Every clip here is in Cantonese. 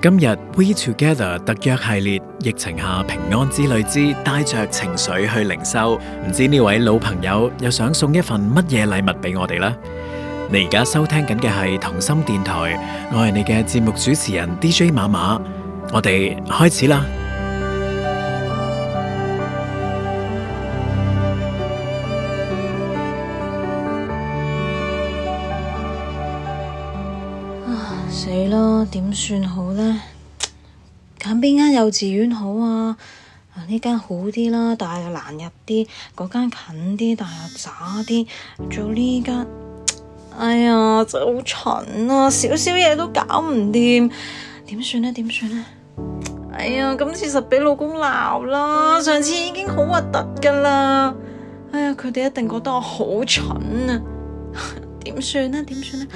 今日 We Together 特約系列，疫情下平安之旅之帶着情緒去靈修，唔知呢位老朋友又想送一份乜嘢禮物俾我哋呢？你而家收聽緊嘅係同心電台，我係你嘅節目主持人 DJ 馬馬，我哋開始啦。啊、死咯，點算好咧？揀邊間幼稚園好啊？啊呢間好啲啦，但係又難入啲；嗰間近啲，但係又渣啲。做呢間，哎呀就好蠢啊，少少嘢都搞唔掂，點算咧？點算咧？哎呀，今次實俾老公鬧啦，上次已經好核突噶啦。哎呀，佢哋一定覺得我好蠢啊，點算咧？點算咧？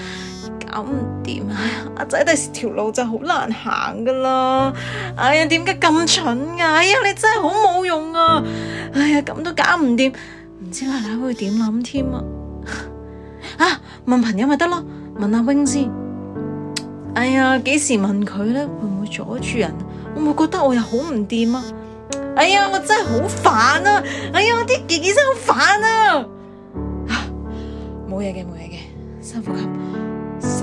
搞唔掂啊！阿仔第時條路就好難行噶啦！哎呀，點解咁蠢噶、啊？哎呀，你真係好冇用啊！哎呀，咁都搞唔掂，唔知奶奶會點諗添啊？吓、啊，問朋友咪得咯，問阿 wing 先。哎呀，幾時問佢咧？會唔會阻住人？會唔會覺得我又好唔掂啊？哎呀，我真係好煩啊！哎呀，我啲自己真係好煩啊！冇嘢嘅，冇嘢嘅，深呼吸。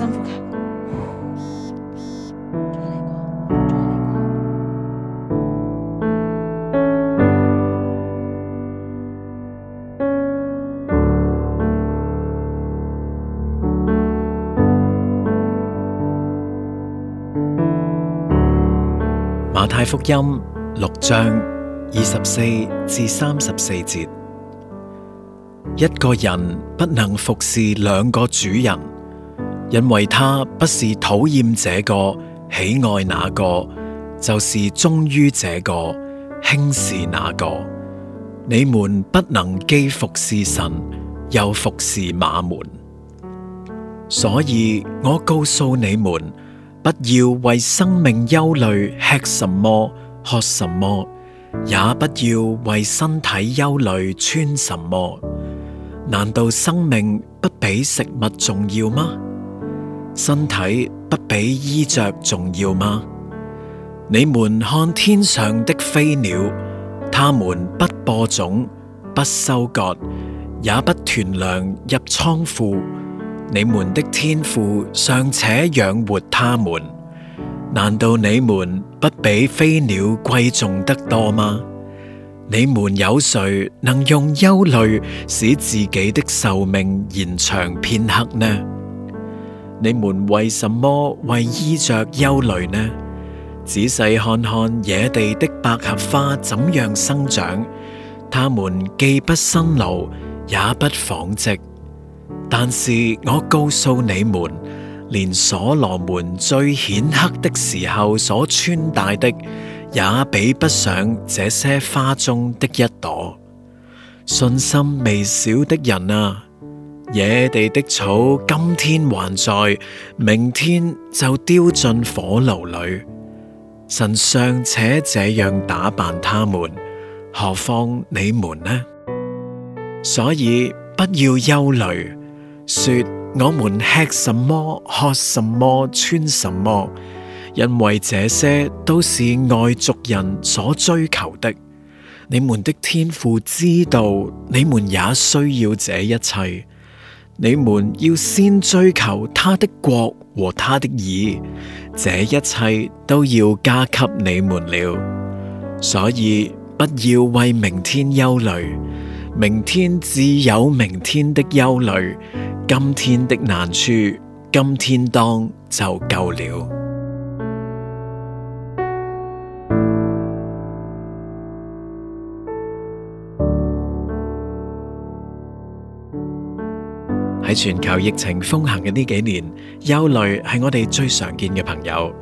再嚟過，再嚟過。馬太福音六章二十四至三十四節：一個人不能服侍兩個主人。因為他不是討厭這個喜愛那個，就是忠於這個輕視那個。你們不能既服侍神又服侍瑪門。所以我告訴你們，不要為生命憂慮，吃什麼喝什麼，也不要為身體憂慮，穿什麼。難道生命不比食物重要嗎？身體不比衣着重要嗎？你們看天上的飛鳥，它們不播種、不收割，也不囤糧入倉庫，你們的天父尚且養活它們，難道你們不比飛鳥貴重得多嗎？你們有誰能用憂慮使自己的壽命延長片刻呢？你們為什麼為衣着憂慮呢？仔細看看野地的百合花怎樣生長，它們既不辛勞，也不紡織。但是我告訴你們，連所羅門最顯赫的時候所穿戴的，也比不上這些花中的一朵。信心微小的人啊！野地的草，今天還在，明天就丟進火爐裡。神尚且這樣打扮他們，何況你們呢？所以不要憂慮，說我們吃什麼、喝什麼、穿什麼，因為這些都是外族人所追求的。你們的天父知道，你們也需要這一切。你們要先追求他的國和他的義，這一切都要加給你們了。所以不要為明天憂慮，明天自有明天的憂慮，今天的難處今天當就夠了。喺全球疫情風行嘅呢幾年，憂慮係我哋最常見嘅朋友。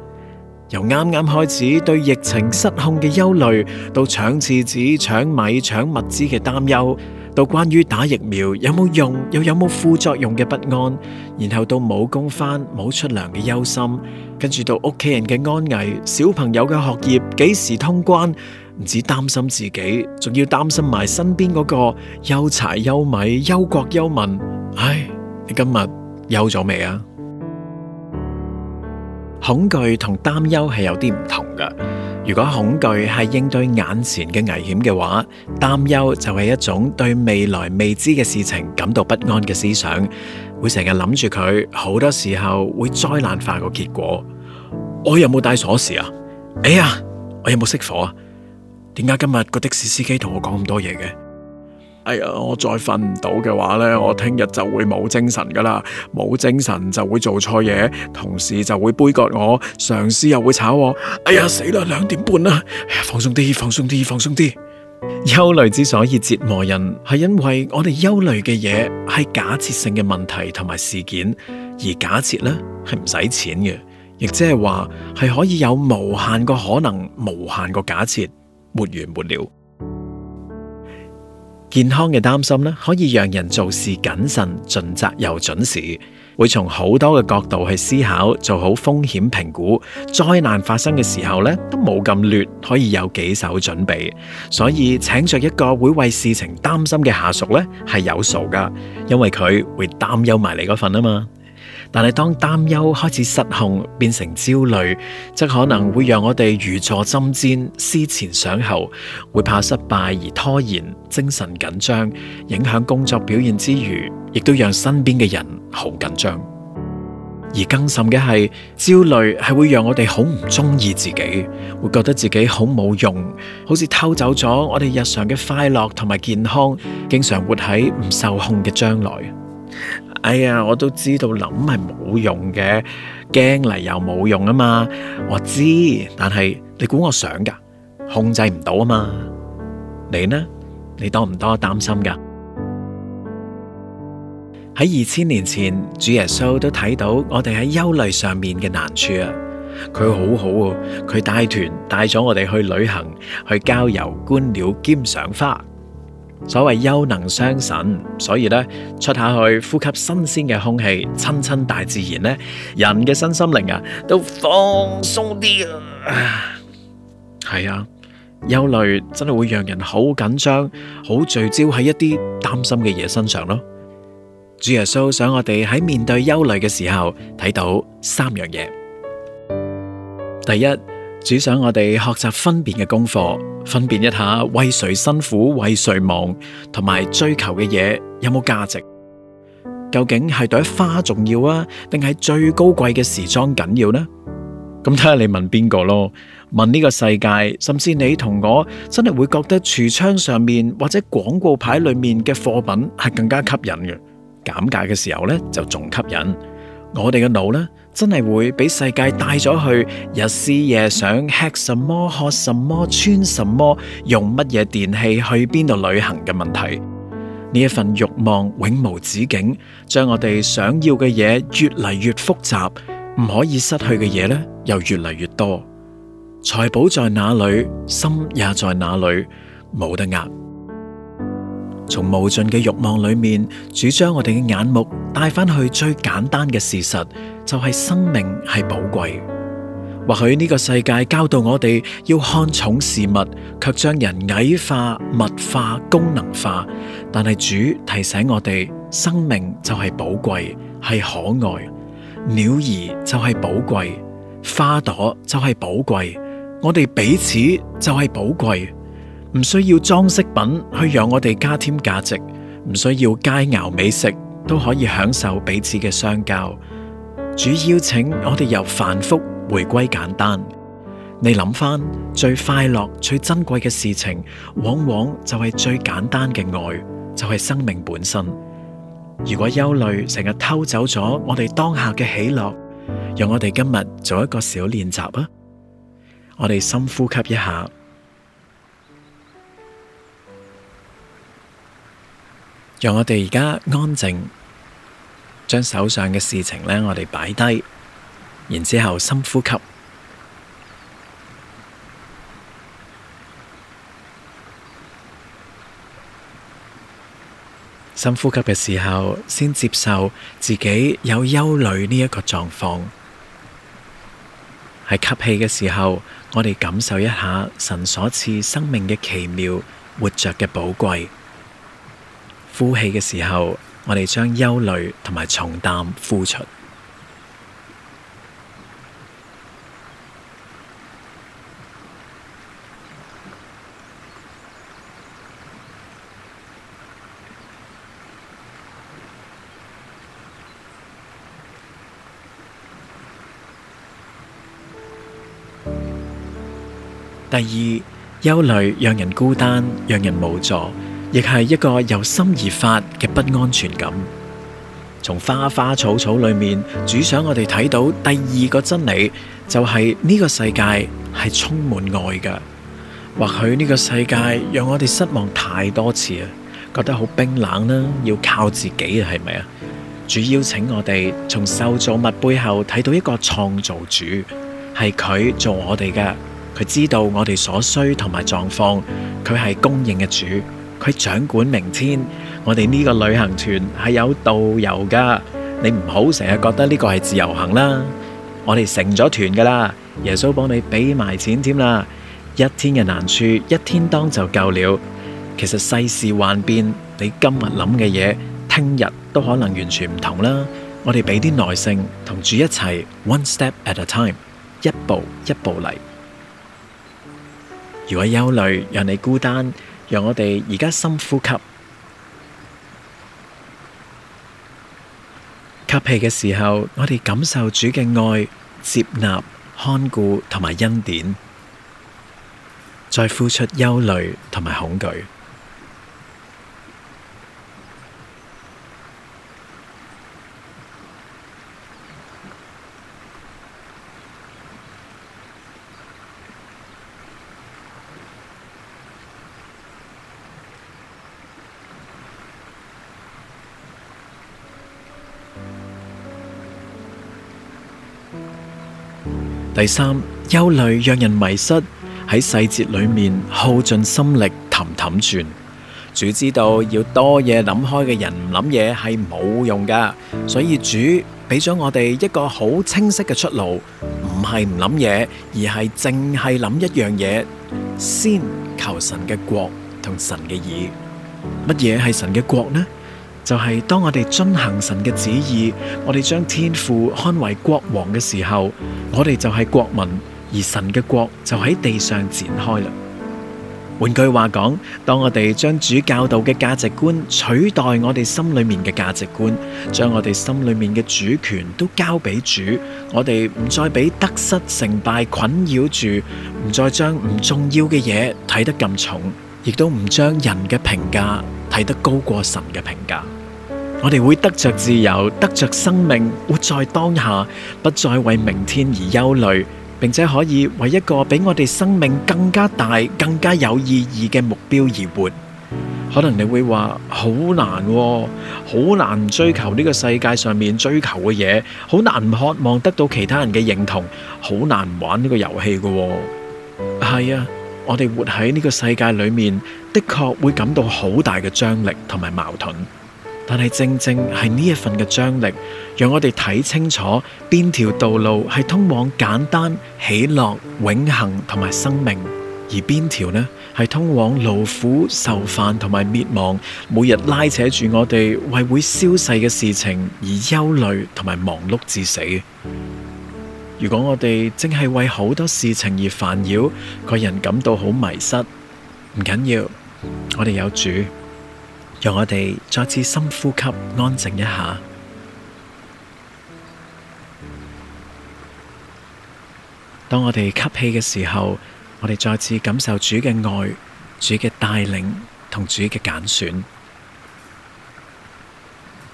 由啱啱開始對疫情失控嘅憂慮，到搶廁紙、搶米、搶物資嘅擔憂，到關於打疫苗有冇用又有冇副作用嘅不安，然後到冇工返、冇出糧嘅憂心，跟住到屋企人嘅安危、小朋友嘅學業、幾時通關，唔止擔心自己，仲要擔心埋身邊嗰個憂柴憂米、憂國憂民。唉。你今日休咗未啊？恐懼同擔憂係有啲唔同噶如果恐懼係應對眼前嘅危險嘅話，擔憂就係一種對未來未知嘅事情感到不安嘅思想，會成日諗住佢，好多時候會災難化個結果。我有冇帶鎖匙啊？哎呀，我有冇熄火啊？點解今日個的士司機同我講咁多嘢嘅？哎呀，我再瞓唔到嘅話呢，我聽日就會冇精神噶啦，冇精神就會做錯嘢，同事就會杯葛我，上司又會炒我。哎呀，死啦，兩點半啦，哎呀，放鬆啲，放鬆啲，放鬆啲。憂慮之所以折磨人，係因為我哋憂慮嘅嘢係假設性嘅問題同埋事件，而假設呢係唔使錢嘅，亦即係話係可以有無限個可能、無限個假設，沒完沒了。健康嘅擔心咧，可以讓人做事謹慎、盡責又準時，會從好多嘅角度去思考，做好風險評估。災難發生嘅時候咧，都冇咁劣，可以有幾手準備。所以，請着一個會為事情擔心嘅下屬咧，係有數㗎，因為佢會擔憂埋你嗰份啊嘛。但係，當擔憂開始失控，變成焦慮，則可能會讓我哋如坐針氈，思前想後，會怕失敗而拖延，精神緊張，影響工作表現之餘，亦都讓身邊嘅人好緊張。而更甚嘅係，焦慮係會讓我哋好唔中意自己，會覺得自己好冇用，好似偷走咗我哋日常嘅快樂同埋健康，經常活喺唔受控嘅將來。哎呀，我都知道諗係冇用嘅，驚嚟又冇用啊嘛！我知，但係你估我想噶？控制唔到啊嘛？你呢？你多唔多擔心噶？喺二千年前，主耶穌都睇到我哋喺憂慮上面嘅難處啊！佢好好喎，佢帶團帶咗我哋去旅行，去郊遊，觀鳥兼賞花。所謂憂能傷神，所以呢，出下去呼吸新鮮嘅空氣，親親大自然呢，人嘅身心靈啊都放鬆啲啊！係啊，憂慮真係會讓人好緊張，好聚焦喺一啲擔心嘅嘢身上咯。主耶穌想我哋喺面對憂慮嘅時候，睇到三樣嘢。第一。只想我哋學習分辨嘅功課，分辨一下為誰辛苦，為誰忙，同埋追求嘅嘢有冇價值？究竟係朵花重要啊，定係最高貴嘅時裝緊要呢？咁睇下你問邊個咯？問呢個世界，甚至你同我真係會覺得櫥窗上面或者廣告牌裏面嘅貨品係更加吸引嘅。減價嘅時候呢，就仲吸引我哋嘅腦呢。真係會俾世界帶咗去日思夜想，吃什麼、喝什麼、穿什麼、用乜嘢電器、去邊度旅行嘅問題。呢一份慾望永無止境，將我哋想要嘅嘢越嚟越複雜，唔可以失去嘅嘢呢又越嚟越多。財寶在哪裏，心也在哪裏，冇得壓。從無盡嘅慾望裏面，主將我哋嘅眼目帶翻去最簡單嘅事實。就係生命係寶貴，或許呢個世界教導我哋要看重事物，卻將人矮化、物化、功能化。但係主提醒我哋，生命就係寶貴，係可愛。鳥兒就係寶貴，花朵就係寶貴，我哋彼此就係寶貴，唔需要裝飾品去讓我哋加添價值，唔需要佳肴美食都可以享受彼此嘅相交。主邀請我哋由繁複回歸簡單。你諗翻最快樂、最珍貴嘅事情，往往就係最簡單嘅愛，就係生命本身。如果憂慮成日偷走咗我哋當下嘅喜樂，讓我哋今日做一個小練習啊！我哋深呼吸一下，讓我哋而家安靜。將手上嘅事情呢，我哋擺低，然之後深呼吸。深呼吸嘅時候，先接受自己有憂慮呢一個狀況。喺吸氣嘅時候，我哋感受一下神所賜生命嘅奇妙，活着嘅寶貴。呼氣嘅時候。我哋將憂慮同埋重擔付出。第二，憂慮讓人孤單，讓人無助。亦係一個由心而發嘅不安全感。從花花草草裏面，主想我哋睇到第二個真理，就係、是、呢個世界係充滿愛嘅。或許呢個世界讓我哋失望太多次啊，覺得好冰冷啦、啊，要靠自己啊，係咪啊？主邀請我哋從受造物背後睇到一個創造主，係佢做我哋嘅，佢知道我哋所需同埋狀況，佢係供應嘅主。佢掌管明天，我哋呢個旅行團係有導遊噶，你唔好成日覺得呢個係自由行啦。我哋成咗團噶啦，耶穌幫你俾埋錢添啦。一天嘅難處，一天當就夠啦。其實世事幻變，你今日諗嘅嘢，聽日都可能完全唔同啦。我哋俾啲耐性，同住一齊，one step at a time，一步一步嚟。如果憂慮，讓你孤單。讓我哋而家深呼吸，吸氣嘅時候，我哋感受主嘅愛、接納、看顧同埋恩典，再呼出憂慮同埋恐懼。第三，憂慮讓人迷失喺細節裏面耗盡心力，氹氹轉。主知道要多嘢諗開嘅人唔諗嘢係冇用噶，所以主俾咗我哋一個好清晰嘅出路，唔係唔諗嘢，而係淨係諗一樣嘢，先求神嘅國同神嘅義。乜嘢係神嘅國呢？就係當我哋遵行神嘅旨意，我哋將天父看為國王嘅時候，我哋就係國民，而神嘅國就喺地上展開啦。換句話講，當我哋將主教導嘅價值觀取代我哋心裏面嘅價值觀，將我哋心裏面嘅主權都交俾主，我哋唔再俾得失成敗困擾住，唔再將唔重要嘅嘢睇得咁重，亦都唔將人嘅評價睇得高過神嘅評價。我哋會得着自由，得着生命，活在當下，不再為明天而憂慮，並且可以為一個比我哋生命更加大、更加有意義嘅目標而活。可能你會話好難喎，好難追求呢個世界上面追求嘅嘢，好難渴望得到其他人嘅認同，好難玩呢個遊戲嘅喎。係啊，我哋活喺呢個世界裏面，的確會感到好大嘅張力同埋矛盾。但係正正係呢一份嘅張力，讓我哋睇清楚邊條道路係通往簡單喜樂、永恒同埋生命，而邊條呢係通往勞苦愁煩同埋滅亡，每日拉扯住我哋為會消逝嘅事情而憂慮同埋忙碌至死。如果我哋淨係為好多事情而煩擾，個人感到好迷失，唔緊要，我哋有主。讓我哋再次深呼吸，安靜一下。當我哋吸氣嘅時候，我哋再次感受主嘅愛、主嘅帶領同主嘅揀選。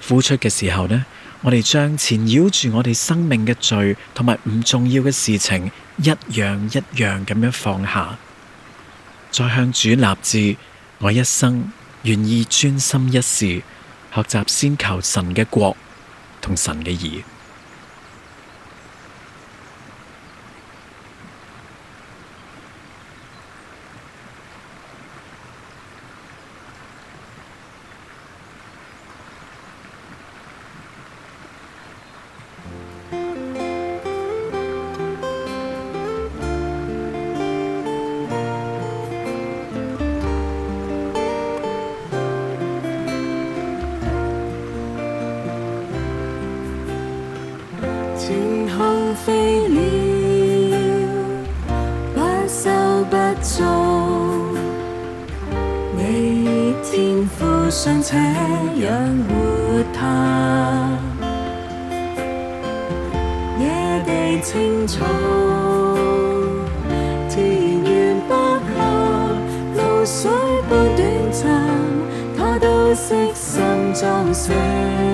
呼出嘅時候呢，我哋將纏繞住我哋生命嘅罪同埋唔重要嘅事情一樣一樣咁樣放下，再向主立志，我一生。願意專心一事學習，習先求神嘅國同神嘅義。天空飛鳥，不收不種，未天父尚且養活它。野地青草，田園百合，露水般短暫，它都悉心裝飾。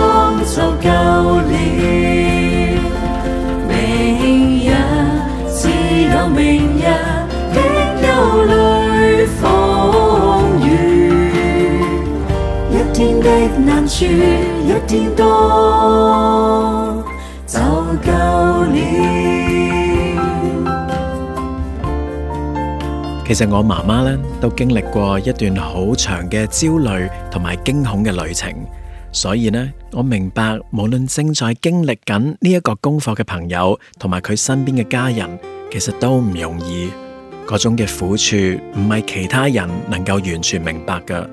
其實我媽媽咧，都經歷過一段好長嘅焦慮同埋驚恐嘅旅程，所以呢，我明白無論正在經歷緊呢一個功課嘅朋友同埋佢身邊嘅家人，其實都唔容易，嗰種嘅苦處唔係其他人能夠完全明白㗎。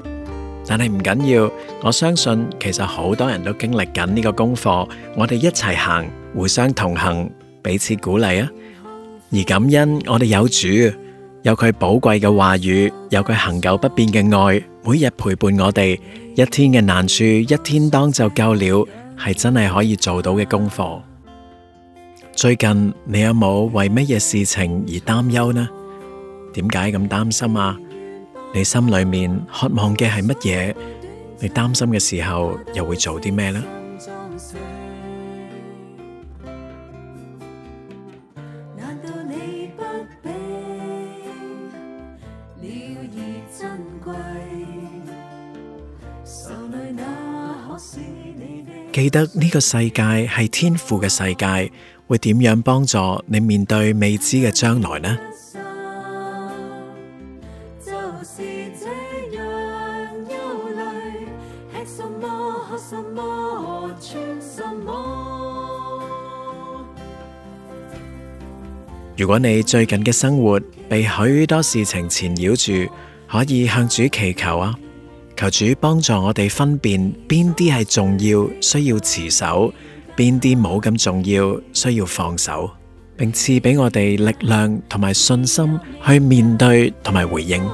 但係唔緊要，我相信其實好多人都經歷緊呢個功課，我哋一齊行，互相同行，彼此鼓勵啊！而感恩，我哋有主，有佢寶貴嘅話語，有佢恒久不變嘅愛，每日陪伴我哋，一天嘅難處，一天當就夠了，係真係可以做到嘅功課。最近你有冇為乜嘢事情而擔憂呢？點解咁擔心啊？你心裏面渴望嘅係乜嘢？你擔心嘅時候又會做啲咩呢？記得呢個世界係天父嘅世界，會點樣幫助你面對未知嘅將來呢？如果你最近嘅生活被許多事情纏繞住，可以向主祈求啊！求主幫助我哋分辨邊啲係重要需要持守，邊啲冇咁重要需要放手，並賜俾我哋力量同埋信心去面對同埋回應。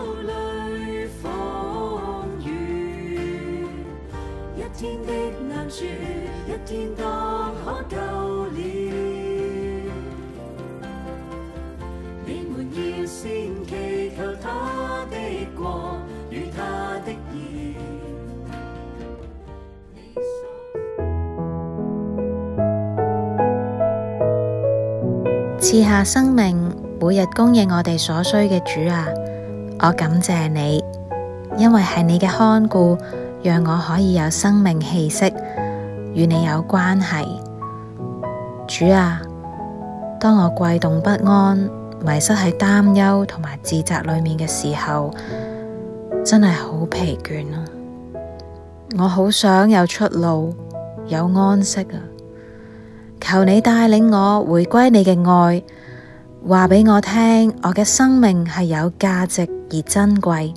所需嘅主啊，我感謝你，因為係你嘅看顧，讓我可以有生命氣息，與你有關係。主啊，當我悸動不安、迷失喺擔憂同埋自責裏面嘅時候，真係好疲倦啊！我好想有出路，有安息啊！求你帶領我回歸你嘅愛。話畀我聽，我嘅生命係有價值而珍貴。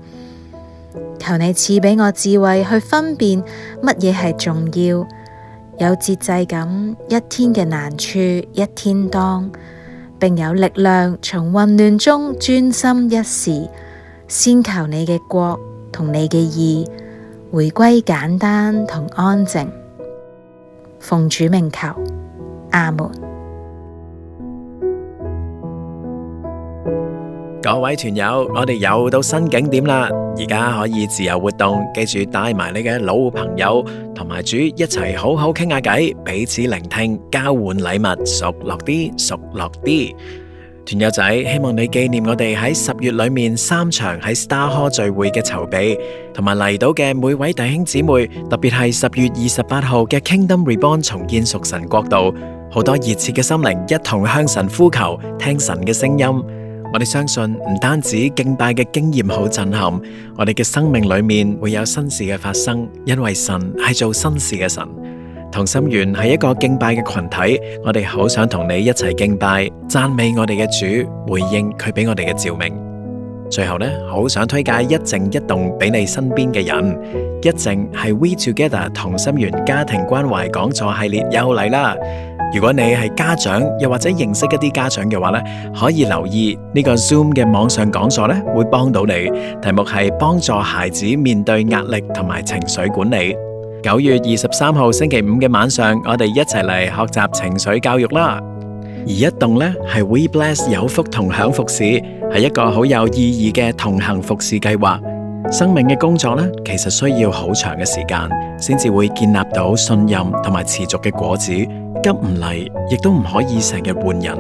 求你賜畀我智慧去分辨乜嘢係重要，有節制咁，一天嘅難處一天當，並有力量從混亂中專心一事。先求你嘅國同你嘅義，回歸簡單同安靜。奉主名求，阿門。各位團友，我哋又到新景點啦，而家可以自由活動，記住帶埋你嘅老朋友同埋主一齊，好好傾下偈，彼此聆聽，交換禮物，熟絡啲，熟絡啲。團友仔，希望你紀念我哋喺十月裏面三場喺 Star Hall 聚會嘅籌備，同埋嚟到嘅每位弟兄姊妹，特別係十月二十八號嘅 Kingdom Reborn 重建屬神國度，好多熱切嘅心靈一同向神呼求，聽神嘅聲音。我哋相信唔單止敬拜嘅經驗好震撼，我哋嘅生命裏面會有新事嘅發生，因為神係做新事嘅神。同心圓係一個敬拜嘅群體，我哋好想同你一齊敬拜、讚美我哋嘅主，回應佢俾我哋嘅照明。最後呢，好想推介一靜一動俾你身邊嘅人，一靜係 We Together 同心圓家庭關懷講座系列又嚟啦。如果你係家長，又或者認識一啲家長嘅話呢，可以留意呢個 Zoom 嘅網上講座呢，會幫到你。題目係幫助孩子面對壓力同埋情緒管理。九月二十三號星期五嘅晚上，我哋一齊嚟學習情緒教育啦。而一動呢，係 We Bless 有福同享服侍，係一個好有意義嘅同行服侍計劃。生命嘅工作呢，其實需要好長嘅時間，先至會建立到信任同埋持續嘅果子。急唔嚟，亦都唔可以成日換人。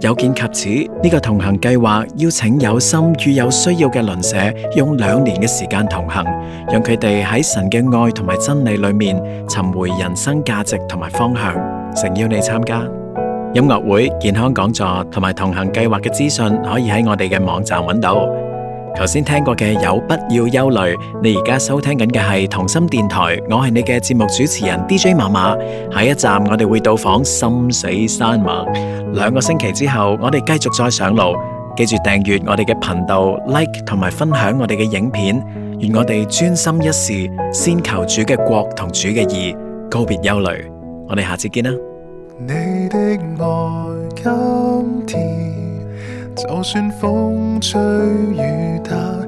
有見及此，呢個同行計劃邀請有心與有需要嘅鄰舍，用兩年嘅時間同行，讓佢哋喺神嘅愛同埋真理裏面，尋回人生價值同埋方向。誠邀你參加音樂會、健康講座同埋同行計劃嘅資訊，可以喺我哋嘅網站揾到。頭先聽過嘅有，不要憂慮。你而家收聽緊嘅係同心電台，我係你嘅節目主持人 DJ 馬馬。下一站我哋會到訪心水山脈。兩個星期之後，我哋繼續再上路。記住訂閱我哋嘅頻道，like 同埋分享我哋嘅影片。願我哋專心一事，先求主嘅國同主嘅義，告別憂慮。我哋下次見啦。你的愛，今天。就算風吹雨打。